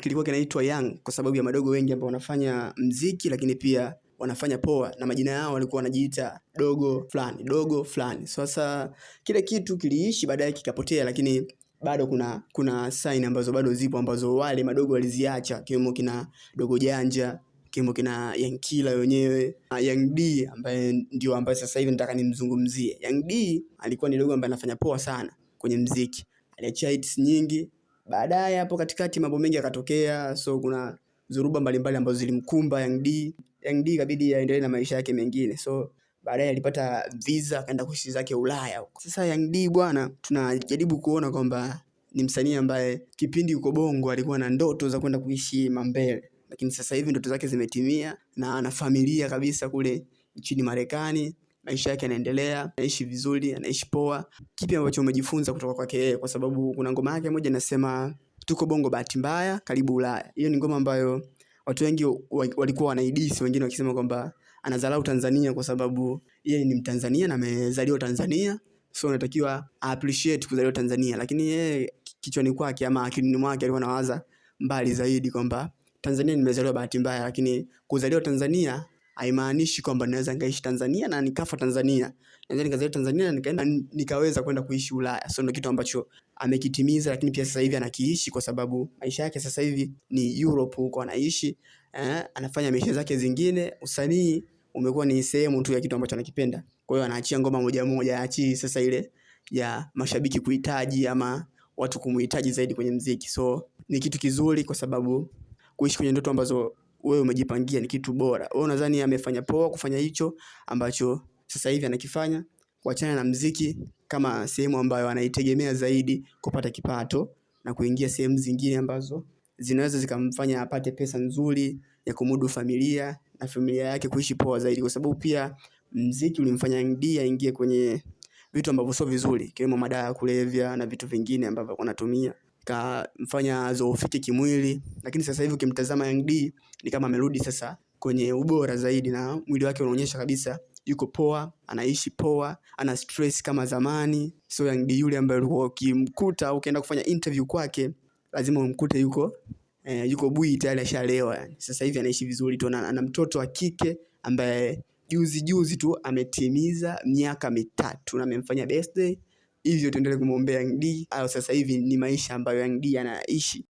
kilikuwa kinaitwa Young kwa sababu ya madogo wengi ambao wanafanya mziki lakini pia wanafanya poa na majina yao walikuwa wanajiita dogo fulani dogo fulani. Sasa kile kitu kiliishi baadaye kikapotea, lakini bado kuna kuna sign ambazo bado zipo ambazo wale madogo waliziacha, kiwemo kina dogo janja, kiwemo kina Yankila wenyewe, Young D ambaye ndio ambaye sasa hivi nataka nimzungumzie. Young D alikuwa ni dogo ambaye anafanya poa sana kwenye mziki, aliacha hits nyingi Baadaye hapo katikati mambo mengi yakatokea, so kuna zuruba mbalimbali ambazo zilimkumba Young D. Young D aendelee na maisha yake mengine, so baadaye alipata visa akaenda kuishi zake Ulaya huko. Sasa Young D bwana, tunajaribu kuona kwamba ni msanii ambaye kipindi uko Bongo alikuwa na ndoto za kwenda kuishi mambele, lakini sasa hivi ndoto zake zimetimia na ana familia kabisa kule nchini Marekani maisha yake yanaendelea, anaishi vizuri, anaishi poa. Kipi ambacho umejifunza kutoka kwake yeye? Kwa sababu kuna ngoma yake moja inasema tuko Bongo bahati mbaya, karibu Ulaya. Hiyo ni ngoma ambayo watu wengi walikuwa wanaidisi, wengine wakisema kwamba anazalau Tanzania kwa sababu yeye ni Mtanzania na amezaliwa Tanzania, so unatakiwa appreciate kuzaliwa Tanzania. Lakini yeye kichwani kwake ama akilini mwake alikuwa anawaza mbali zaidi kwamba Tanzania nimezaliwa bahati mbaya, lakini kuzaliwa Tanzania haimaanishi kwamba naweza nikaishi Tanzania na nikafa Tanzania. Naweza nikazaliwa Tanzania na nikaenda nikaweza kwenda kuishi Ulaya. So ndio kitu ambacho amekitimiza, lakini pia sasa hivi anakiishi kwa sababu maisha yake sasa hivi ni Europe huko anaishi. Eh, anafanya maisha zake zingine. Usanii umekuwa ni sehemu tu ya kitu ambacho anakipenda. Kwa hiyo anaachia ngoma moja moja, aachi sasa ile ya mashabiki kuhitaji ama watu kumhitaji zaidi kwenye mziki. So ni kitu kizuri kwa sababu kuishi kwenye ndoto ambazo wewe umejipangia ni kitu bora. Wewe unadhani amefanya poa kufanya hicho ambacho sasa hivi anakifanya? Kuachana na mziki kama sehemu ambayo anaitegemea zaidi kupata kipato na kuingia sehemu zingine ambazo zinaweza zikamfanya apate pesa nzuri ya kumudu familia na familia yake kuishi poa zaidi, kwa sababu pia mziki ulimfanya Ndee aingie kwenye vitu ambavyo sio vizuri, ikiwemo madawa ya kulevya na vitu vingine ambavyo anatumia kamfanya zoofike kimwili, lakini sasa hivi ukimtazama Young D ni kama amerudi sasa kwenye ubora zaidi, na mwili wake unaonyesha kabisa yuko poa, anaishi poa, ana stress kama zamani. So Young D yule ambaye ulikuwa ukimkuta ukienda kufanya interview kwake, lazima umkute yuko eh, yuko bui tayari ashalewa. Yani sasa hivi anaishi vizuri tu, ana mtoto wa kike ambaye juzi juzi tu ametimiza miaka mitatu na amemfanya birthday hivyo tuendelee kumwombea Young D. sasa hivi ni maisha ambayo Young D anaishi.